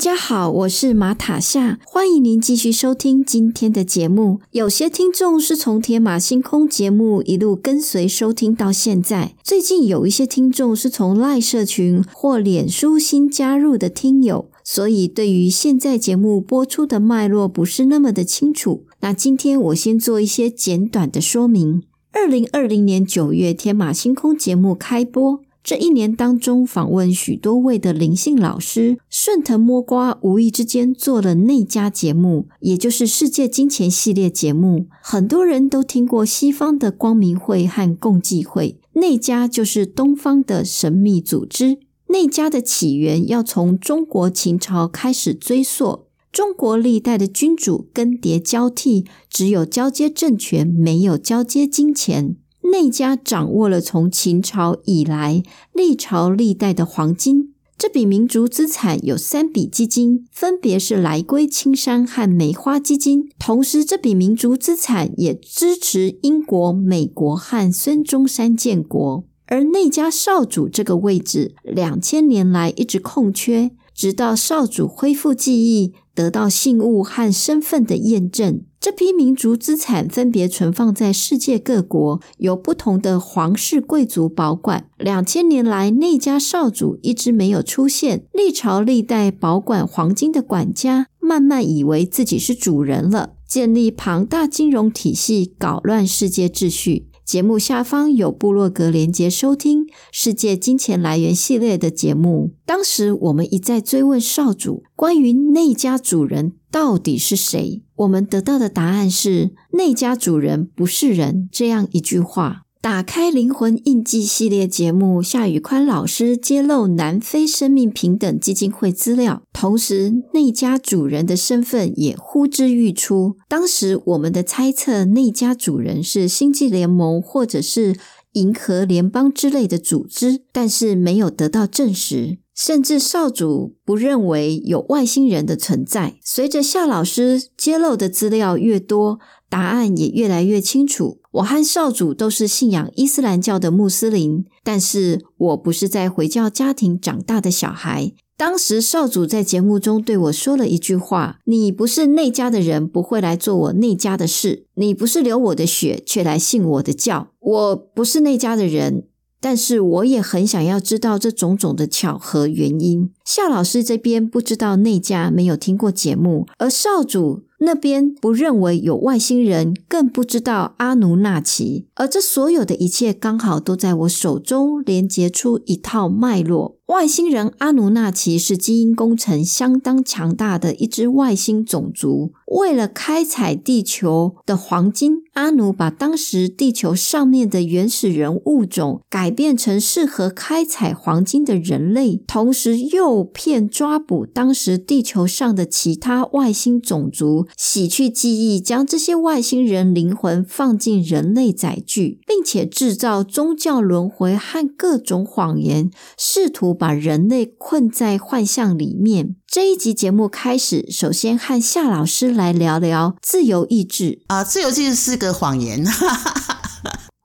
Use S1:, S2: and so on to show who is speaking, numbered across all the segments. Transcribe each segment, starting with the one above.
S1: 大家好，我是馬塔夏，歡迎您繼續收聽今天的節目。有些聽眾是從《天瑪星空》節目一路跟隨收聽到現在，最近有一些聽眾是從 Line 社群或臉書新加入的聽友，所以對於現在節目播出的脈絡不是那麼的清楚。那今天我先做一些簡短的說明。二零二零年九月，《天瑪星空》節目開播。這一年當中，訪問許多位的靈性老師，順藤摸瓜，無意之間做了內家節目，也就是世界金錢系列節目。很多人都聽過西方的光明會和共濟會，內家就是東方的神秘組織。內家的起源要從中國秦朝開始追溯。中國歷代的君主更迭交替，只有交接政權，沒有交接金錢。內家掌握了從秦朝以來歷朝歷代的黃金，這筆民族資產有三筆基金，分別是來歸青山和梅花基金。同時，這筆民族資產也支持英國、美國和孫中山建國。而內家少主這個位置，兩千年來一直空缺，直到少主恢復記憶，得到信物和身份的驗證，這批民族資產分別存放在世界各國，由不同的皇室貴族保管。兩千年來，內家少主一直沒有出現，歷朝歷代保管黃金的管家慢慢以為自己是主人了，建立龐大金融體系，搞亂世界秩序。節目下方有部落格連接，收聽《世界金錢來源》系列的節目。當時我們一再追問少主關於內家主人到底是誰，我們得到的答案是：“內家主人不是人。”這樣一句話。打開靈魂印記系列節目，夏雨寬老師揭露南非生命平等基金會資料，同時內家主人的身份也呼之欲出。當時我們的猜測，內家主人是星際聯盟或者是銀河聯邦之類的組織，但是沒有得到證實。甚至少主不認為有外星人的存在。隨着夏老師揭露的資料越多，答案也越來越清楚。我和少主都是信仰伊斯蘭教的穆斯林，但是我不是在回教家庭長大的小孩。當時少主在節目中對我說了一句話：“你不是內家的人，不會來做我內家的事。你不是流我的血，卻來信我的教。我不是內家的人，但是我也很想要知道這種種的巧合原因。”夏老師這邊不知道內家沒有聽過節目，而少主，那邊不認為有外星人，更不知道阿努納奇。而這所有的一切，剛好都在我手中連結出一套脈絡。外星人阿努納奇是基因工程相當強大的一支外星種族。為了開採地球的黃金，阿努把當時地球上面的原始人物種改變成適合開採黃金的人類，同時誘騙抓捕當時地球上的其他外星種族。洗去記憶，將這些外星人靈魂放進人類載具，並且製造宗教輪迴和各種謊言，試圖把人類困在幻象裡面。這一集節目開始，首先和夏老師來聊
S2: 聊自由意志。啊，自由意志是個謊言。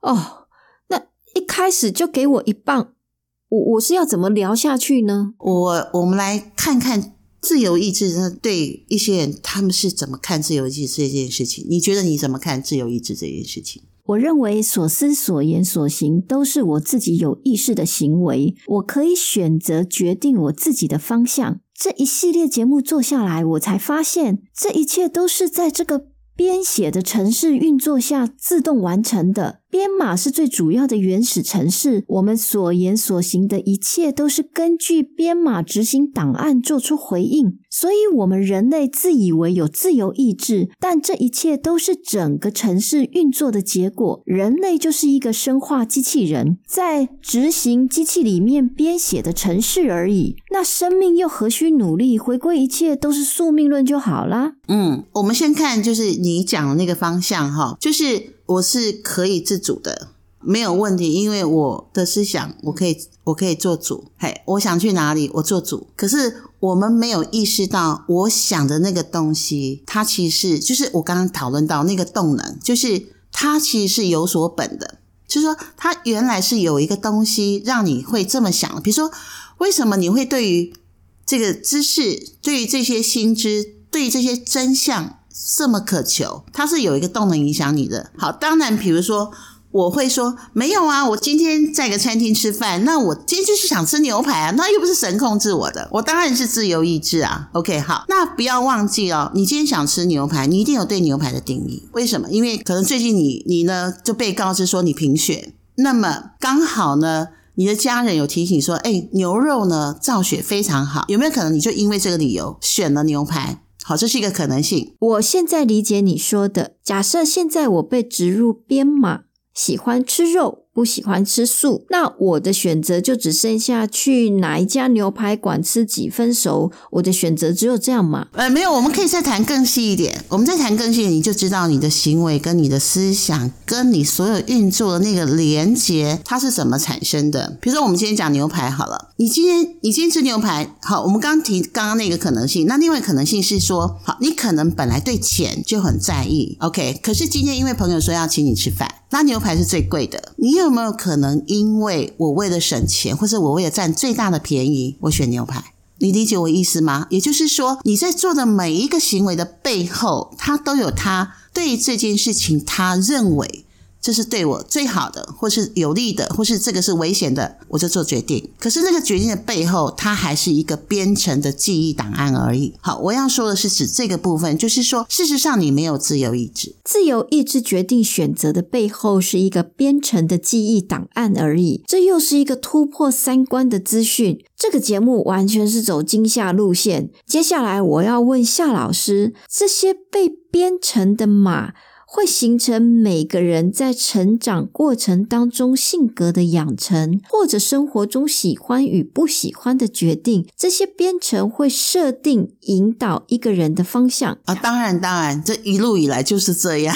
S2: 哦、 oh，那一開始就給我一棒，我我是要怎麼聊下去呢？我我們來看看。自由意志，對一些人，他們是怎麼看自由意志這件事情？你覺得你怎麼看自由意志這件事情？我認為所思所
S1: 言所行都是我自己有意識的行為，我可以選擇決定我自己的方向。這一系列節目做下來，我才發現這一切都是在這個編寫的程式運作下自動完成的。編碼是最主要的原始程式，我們所言所行的一切都是根據編碼執行檔案做出回應，所以我們人類自以為有自由意志，但這一切都是整個程式運作的結果。人類就是一個生化機器人，在執行機器裡面編寫的程式而已。那
S2: 生命又何須努力？回歸一切都是宿命論就好啦。嗯，我們先看就是你講的那個方向哈，就是。我是可以自主的，沒有問題，因為我的思想我可以我可以做主，嘿，我想去哪裡，我做主。可是我們沒有意識到，我想的那個東西，它其實就是我剛剛討論到那個動能，就是它其實是有所本的，就是說它原來是有一個東西讓你會這麼想，比如說為什麼你會對於這個知識、對於這些新知、對於這些真相，這麼渴求，它是有一個動能影響你的。好，當然，比如說，我會說，沒有啊，我今天在一個餐廳吃飯，那我今天就是想吃牛排啊，那又不是神控制我的，我當然是自由意志啊。OK，好，那不要忘記哦，你今天想吃牛排，你一定有對牛排的定義。為什麼？因為可能最近你你呢就被告知說你貧血，那麼剛好呢，你的家人有提醒說，哎，牛肉呢造血非常好，有沒有可能你就因為這個理由選了牛排？好，這是一個可能性。我現在理解你說的，假設現在我被植入編碼，喜歡吃肉。
S1: 不喜歡吃素，那我的選擇就只剩下去哪一家牛排館
S2: 吃幾分熟？我的選擇只有這樣嘛？呃，沒有，我們可以再談更細一點。我們再談更細一點，你就知道你的行為跟你的思想跟你所有運作的那個連結，它是怎麼產生的。比如說，我們今天講牛排好了，你今天你今天吃牛排好，我們剛提剛剛那個可能性，那另外一個可能性是說，好，你可能本來對錢就很在意，OK？可是今天因為朋友說要請你吃飯，那牛排是最貴的，你有。有沒有可能，因為我為了省錢，或者我為了占最大的便宜，我選牛排？你理解我意思嗎？也就是說，你在做的每一個行為的背後，他都有他對於這件事情，他認為。這是對我最好的，或是有利的，或是這個是危險的，我就做決定。可是那個決定的背後，它還是一個編程的記憶檔案而已。好，我要說的是指這個部分，就是說，事實上你沒有自由意志，自由意志決定選擇的背後是一個編程的記
S1: 憶檔案而已。這又是一個突破三觀的資訊。這個節目完全是走驚嚇路線。接下來我要問夏老師，這些被編程的碼，會形成每個人在成長過程當中性格的養成，或者生活中喜歡與不喜歡的決定。這些編程會設定引導一個人的方向啊。哦，當然，當然，這
S2: 一路以來就是這樣。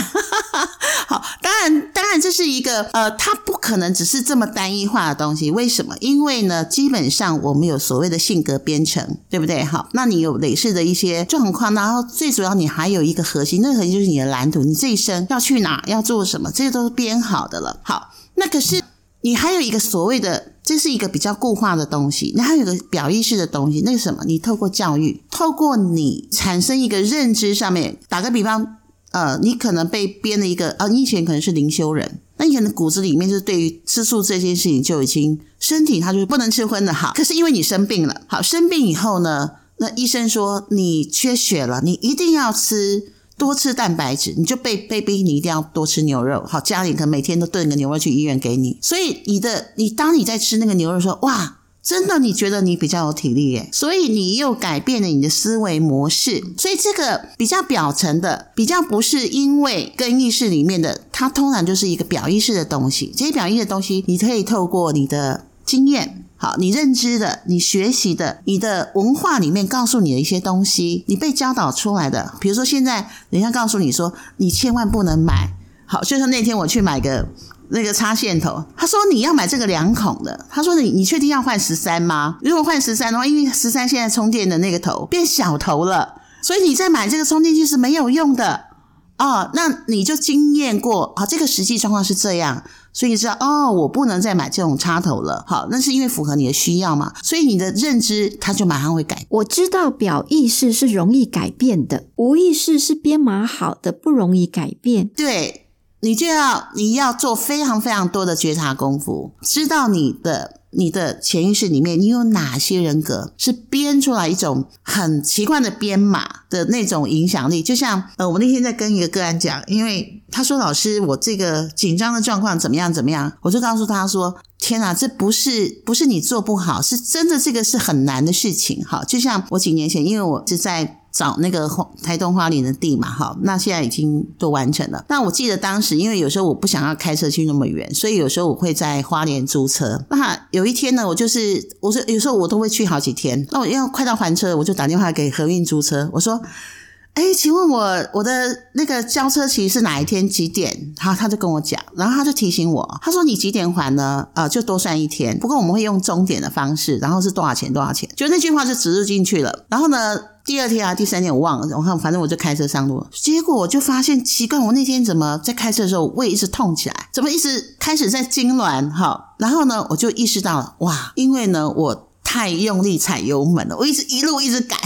S2: 好。當然，當然這是一個呃，它不可能只是這麼單一化的東西。為什麼？因為呢，基本上我們有所謂的性格編程，對不對？好，那你有類似的一些狀況，然後最主要你還有一個核心，那個核心就是你的藍圖，你這一生要去哪，要做什麼，這些都是編好的了。好，那可是你還有一個所謂的，這是一個比較固化的東西，你還有一個表意識的東西，那是什麼？你透過教育，透過你產生一個認知上面，打個比方。呃，你可能被編了一個啊，你以前可能是靈修人，那以前的骨子裡面就是對於吃素這件事情就已經身體它就是不能吃葷的哈。好，可是因為你生病了，好，生病以後呢，那醫生說你缺血了，你一定要吃多吃蛋白質，你就被被逼你一定要多吃牛肉。好，家裡可能每天都燉個牛肉去醫院給你，所以你的你當你在吃那個牛肉說哇。真的，你覺得你比較有體力耶？所以你又改變了你的思維模式。所以這個比較表層的，比較不是因為根意識裡面的，它通常就是一個表意識的東西。這些表意識的東西，你可以透過你的經驗，好，你認知的，你學習的，你的文化裡面告訴你的一些東西，你被教導出來的。比如說，現在人家告訴你說，你千萬不能買。好，就像那天我去買個。那個插線頭，他說你要買這個兩孔的。他說你你確定要換十三嗎？如果換十三的話，因為十三現在充電的那個頭變小頭了，所以你再買這個充電器是沒有用的哦，那你就經驗過啊，哦，這個實際狀況是這樣，所以你知道哦，我不能再買這種插頭了。好，那是因為符合你的需要嘛，所以你的認知它就馬上會改變。我知道表意識是容易改變的，無意識是編碼好的，不容易改變。對。你就要你要做非常非常多的覺察功夫，知道你的你的潛意識裡面你有哪些人格是編出來一種很奇怪的編碼的那種影響力，就像呃，我那天在跟一個個案講，因為他說老師，我這個緊張的狀況怎麼樣怎麼樣，我就告訴他說，天哪，這不是不是你做不好，是真的這個是很難的事情。好，就像我幾年前，因為我是在。找那個台東花蓮的地嘛，好，那現在已經都完成了。那我記得當時，因為有時候我不想要開車去那麼遠，所以有時候我會在花蓮租車。那有一天呢，我就是我說，有時候我都會去好幾天。那我要快到還車，我就打電話給和運租車，我說。哎，請問我我的那個交車期是哪一天幾點？好，他就跟我講，然後他就提醒我，他說你幾點還呢？呃，就多算一天，不過我們會用鐘點的方式，然後是多少錢多少錢，就那句話就植入進去了。然後呢，第二天啊第三天我忘了，我看反正我就開車上路了，結果我就發現奇怪，習慣我那天怎麼在開車的時候胃一直痛起來，怎麼一直開始在痙攣？哈，然後呢，我就意識到了，哇，因為呢我太用力踩油門了，我一直一路一直趕。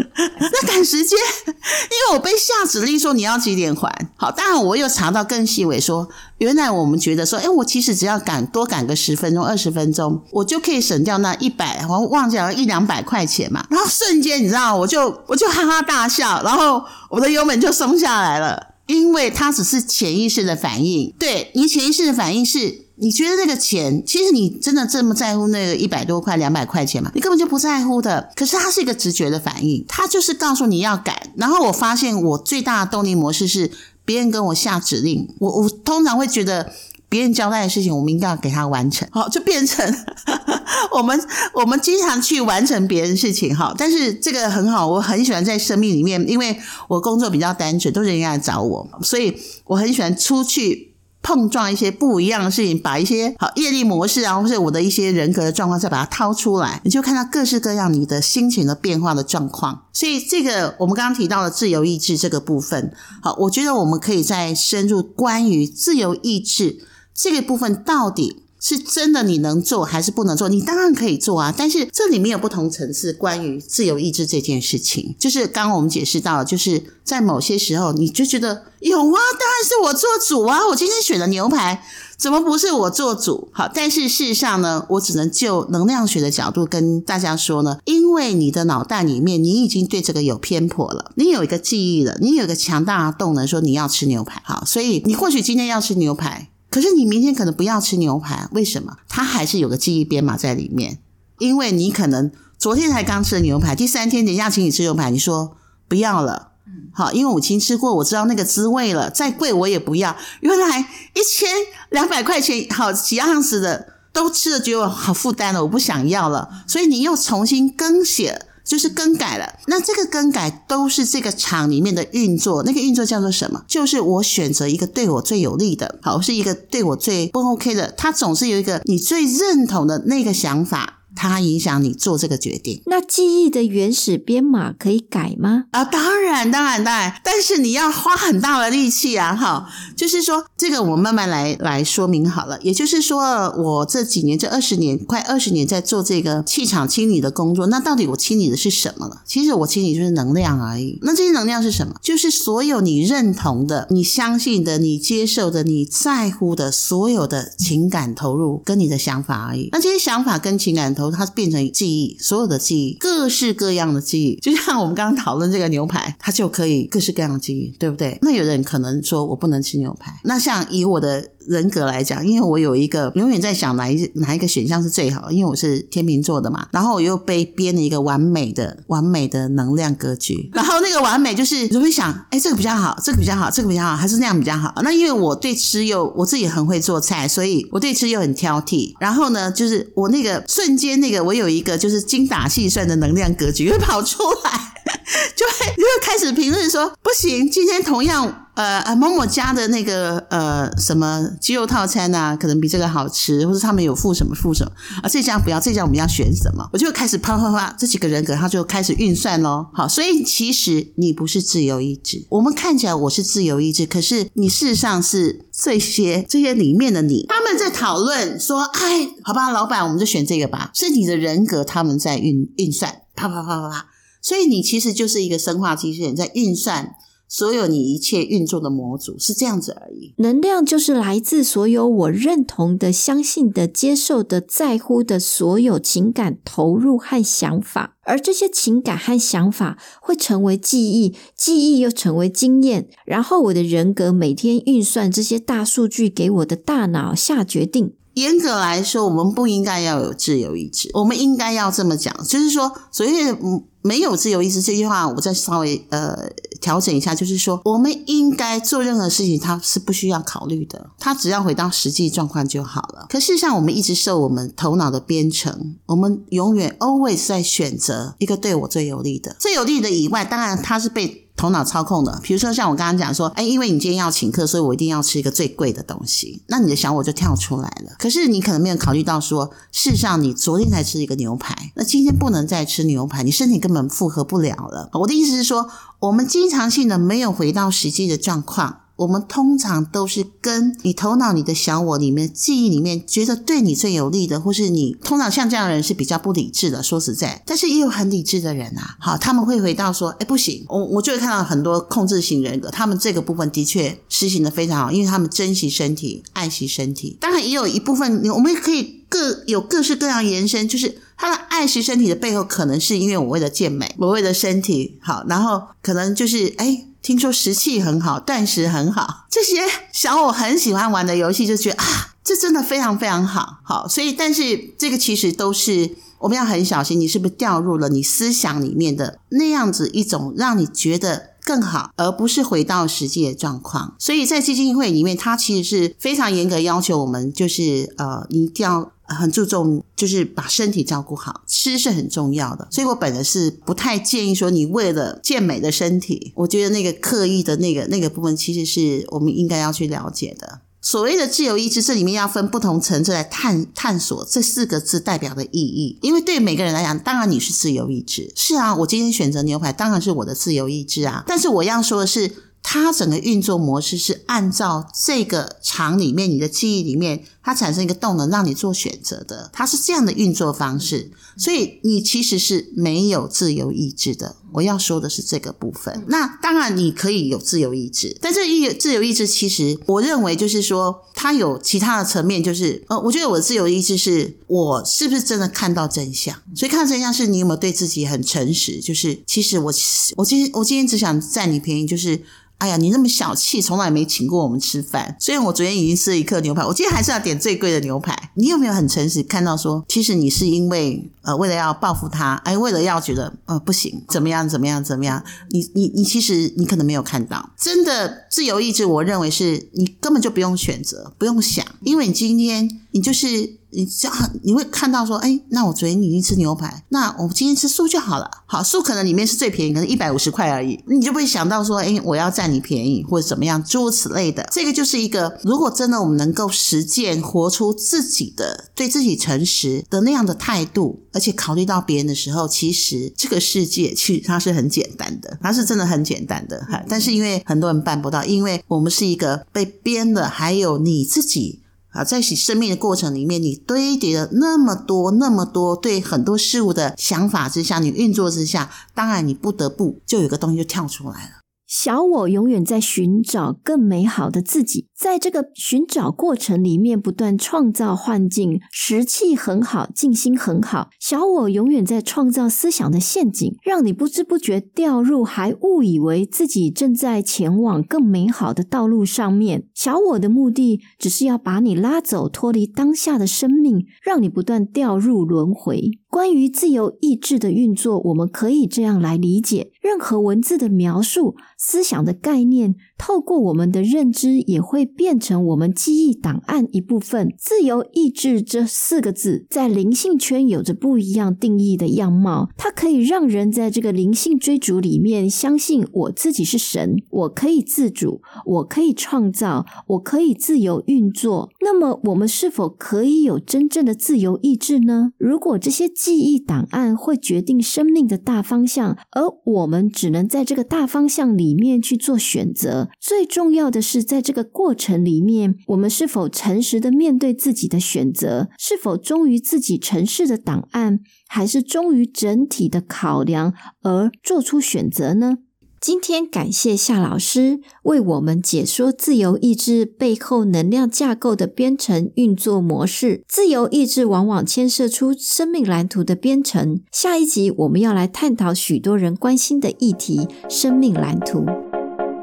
S2: 趕時間，因為我被下指令說你要幾點還。好，當然我又查到更細微說，說原來我們覺得說，哎，我其實只要趕多趕個十分鐘、二十分鐘，我就可以省掉那一百，我忘記了一兩百塊錢嘛。然後瞬間你知道，我就我就哈哈大笑，然後我的油門就鬆下來了，因為它只是潛意識的反應。對你潛意識的反應是。你覺得這個錢，其實你真的這麼在乎那個一百多塊、兩百塊錢嗎？你根本就不在乎的。可是它是一個直覺的反應，它就是告訴你要改。然後我發現我最大的動力模式是別人跟我下指令，我我通常會覺得別人交代的事情，我們一定要給他完成。好，就變成 我們我們經常去完成別人的事情哈。但是這個很好，我很喜歡在生命裡面，因為我工作比較單純，都是人家來找我，所以我很喜歡出去。碰撞一些不一樣的事情，把一些好業力模式啊，或者我的一些人格的狀況，再把它掏出來，你就看到各式各樣你的心情的變化的狀況。所以這個我們剛剛提到的自由意志這個部分，好，我覺得我們可以再深入關於自由意志這個部分到底。是真的你能做還是不能做？你當然可以做啊，但是這裡面有不同層次。關於自由意志這件事情，就是剛剛我們解釋到，就是在某些時候，你就覺得有啊，當然是我做主啊，我今天選的牛排，怎麼不是我做主？好，但是事實上呢，我只能就能量學的角度跟大家說呢，因為你的腦袋裡面，你已經對這個有偏頗了，你有一個記憶了，你有一個強大的動能，說你要吃牛排。好，所以你或許今天要吃牛排。可是你明天可能不要吃牛排，為什麼？它還是有個記憶編碼在裡面，因為你可能昨天才剛吃的牛排，第三天人家請你吃牛排，你說不要了。嗯，好，因為我已經吃過，我知道那個滋味了，再貴我也不要。原來一千兩百塊錢，好幾盎司的都吃了，覺得我好負擔了，哦，我不想要了，所以你又重新更寫。就是更改了，那這個更改都是這個場裡面的運作，那個運作叫做什麼？就是我選擇一個對我最有利的，好，是一個對我最不 OK 的，他總是有一個你最認同的那個想法。它影響你做這個決定。那記憶的原始編碼可以改嗎？啊，當然，當然，當然。但是你要花很大的力氣啊，哈。就是說，這個我慢慢來來說明好了。也就是說，我這幾年這二十年，快二十年，在做這個氣場清理的工作。那到底我清理的是什麼了？其實我清理就是能量而已。那這些能量是什麼？就是所有你認同的、你相信的、你接受的、你在乎的，所有的情感投入跟你的想法而已。那這些想法跟情感。它變成記憶，所有的記憶，各式各樣的記憶，就像我們剛剛討論這個牛排，它就可以各式各樣的記憶，對不對？那有人可能說我不能吃牛排，那像以我的，人格來講，因為我有一個永遠在想哪一、哪一個選項是最好，因為我是天秤座的嘛，然後我又被編了一個完美的完美的能量格局，然後那個完美就是你會想，哎，這個比較好，這個比較好，這個比較好，還是那樣比較好。那因為我對吃又我自己很會做菜，所以我對吃又很挑剔。然後呢，就是我那個瞬間，那個我有一個就是精打細算的能量格局會跑出來， 就會就會開始評論說，不行，今天同樣。呃，某某家的那個呃什麼雞肉套餐啊，可能比這個好吃，或者他們有附什麼附什麼啊？這家不要，這家我們要選什麼？我就開始啪啪啪，這幾個人格他就開始運算嘍。好，所以其實你不是自由意志，我們看起來我是自由意志，可是你事實上是這些這些裡面的你，他們在討論說：“哎，好吧，老闆，我們就選這個吧。”是你的人格他們在運運算，啪啪啪啪啪，所以你其實就是一個生化機器人在運算。所有你一切運作的模組是這樣子而已。
S1: 能量就是來自所有我認同的、相信的、接受的、在乎的，所有情感投入和想法。而這些情感和想法會成為記憶，記憶又成為經驗。然後我的人格每天運算這些大數據，給我的大腦下決定。嚴
S2: 格來說，我們不應該要有自由意志。我們應該要這麼講，就是說，所以嗯。沒有自由意志這句話，我再稍微呃調整一下，就是說，我們應該做任何事情，它是不需要考慮的，它只要回到實際狀況就好了。可事實上，我們一直受我們頭腦的編程，我們永遠 always 在選擇一個對我最有利的，最有利的以外，當然它是被。頭腦操控的，比如說像我剛剛講說，誒，哎，因為你今天要請客，所以我一定要吃一個最貴的東西。那你的小我就跳出來了。可是你可能沒有考慮到說，事實上你昨天才吃一個牛排，那今天不能再吃牛排，你身體根本負荷不了了。我的意思是說，我們經常性的沒有回到實際的狀況。我們通常都是跟你頭腦、你的小我裡面、記憶裡面覺得對你最有利的，或是你通常像這樣的人是比較不理智的。說實在，但是也有很理智的人啊。好，他們會回到說：“誒不行，我我就會看到很多控制型人格，他們這個部分的確實行的非常好，因為他們珍惜身體、愛惜身體。當然也有一部分，我們也可以各有各式各樣延伸，就是他的愛惜身體的背後，可能是因為我為了健美，我為了身體好，然後可能就是誒聽說食氣很好，斷食很好，這些小我很喜歡玩的遊戲，就覺得啊，這真的非常非常好，好。所以，但是這個其實都是我們要很小心，你是不是掉入了你思想裡面的那樣子一種，讓你覺得更好，而不是回到實際的狀況。所以在基金會裡面，它其實是非常嚴格要求我們，就是呃，一定要。很注重，就是把身體照顧好，吃是很重要的。所以我本人是不太建議說你為了健美的身體，我覺得那個刻意的那個那個部分，其實是我們應該要去了解的。所謂的自由意志，這裡面要分不同層次來探探索這四個字代表的意義。因為對每個人來講，當然你是自由意志，是啊，我今天選擇牛排當然是我的自由意志啊。但是我要說的是，它整個運作模式是按照這個場裡面你的記憶裡面。它產生一個動能，讓你做選擇的，它是這樣的運作方式，所以你其實是沒有自由意志的。我要說的是這個部分。那當然你可以有自由意志，但這意自由意志其實我認為就是說，它有其他的層面，就是呃，我覺得我的自由意志是我是不是真的看到真相？所以看到真相是你有沒有對自己很誠實？就是其實我我今我今天只想占你便宜，就是哎呀，你那麼小氣，從來沒請過我們吃飯。雖然我昨天已經吃了一客牛排，我今天還是要點。最貴的牛排，你有沒有很誠實看到說，其實你是因為呃，為了要報復他，哎，為了要覺得呃不行，怎麼樣，怎麼樣，怎麼樣？你你你，你其實你可能沒有看到，真的自由意志，我認為是你根本就不用選擇，不用想，因為你今天你就是。你這你會看到說，哎，那我昨天已經吃牛排，那我今天吃素就好了。好，素可能裡面是最便宜，可能一百五十塊而已，你就不會想到說，哎，我要佔你便宜或者怎麼樣，諸如此類的。這個就是一個，如果真的我們能夠實踐，活出自己的，對自己誠實的那樣的態度，而且考慮到別人的時候，其實這個世界其實它是很簡單的，它是真的很簡單的。但是因為很多人辦不到，因為我們是一個被編的，還有你自己。啊，在生生命的過程裡面，你堆疊了那麼多、那麼多，對很多事物的想法之下，你運作之下，當然你不得不就有個東西就跳出來了。小我永遠
S1: 在尋找更美好的自己。在這個尋找過程裡面，不斷創造幻境，時氣很好，靜心很好。小我永遠在創造思想的陷阱，讓你不知不覺掉入，還誤以為自己正在前往更美好的道路上面。小我的目的只是要把你拉走，脫離當下的生命，讓你不斷掉入輪迴。關於自由意志的運作，我們可以這樣來理解：任何文字的描述，思想的概念。透過我們的認知，也會變成我們記憶檔案一部分。自由意志這四個字，在靈性圈有着不一樣定義的樣貌。它可以讓人在這個靈性追逐裡面，相信我自己是神，我可以自主，我可以創造，我可以自由運作。那麼，我們是否可以有真正的自由意志呢？如果這些記憶檔案會決定生命的大方向，而我們只能在這個大方向裡面去做選擇。最重要的是，在這個過程裡面，我們是否誠實的面對自己的選擇？是否忠於自己程式的檔案，還是忠於整體的考量而做出選擇呢？今天感謝夏老師為我們解說自由意志背後能量架構的編程運作模式。自由意志往往牽涉出生命藍圖的編程。下一集我們要來探討許多人關心的議題——生命藍圖。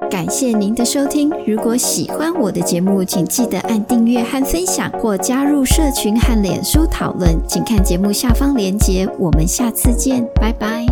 S1: 感謝您的收聽。如果喜歡我的節目，請記得按訂閱和分享，或加入社群和臉書討論。請看節目下方連結。我們下次見，拜拜。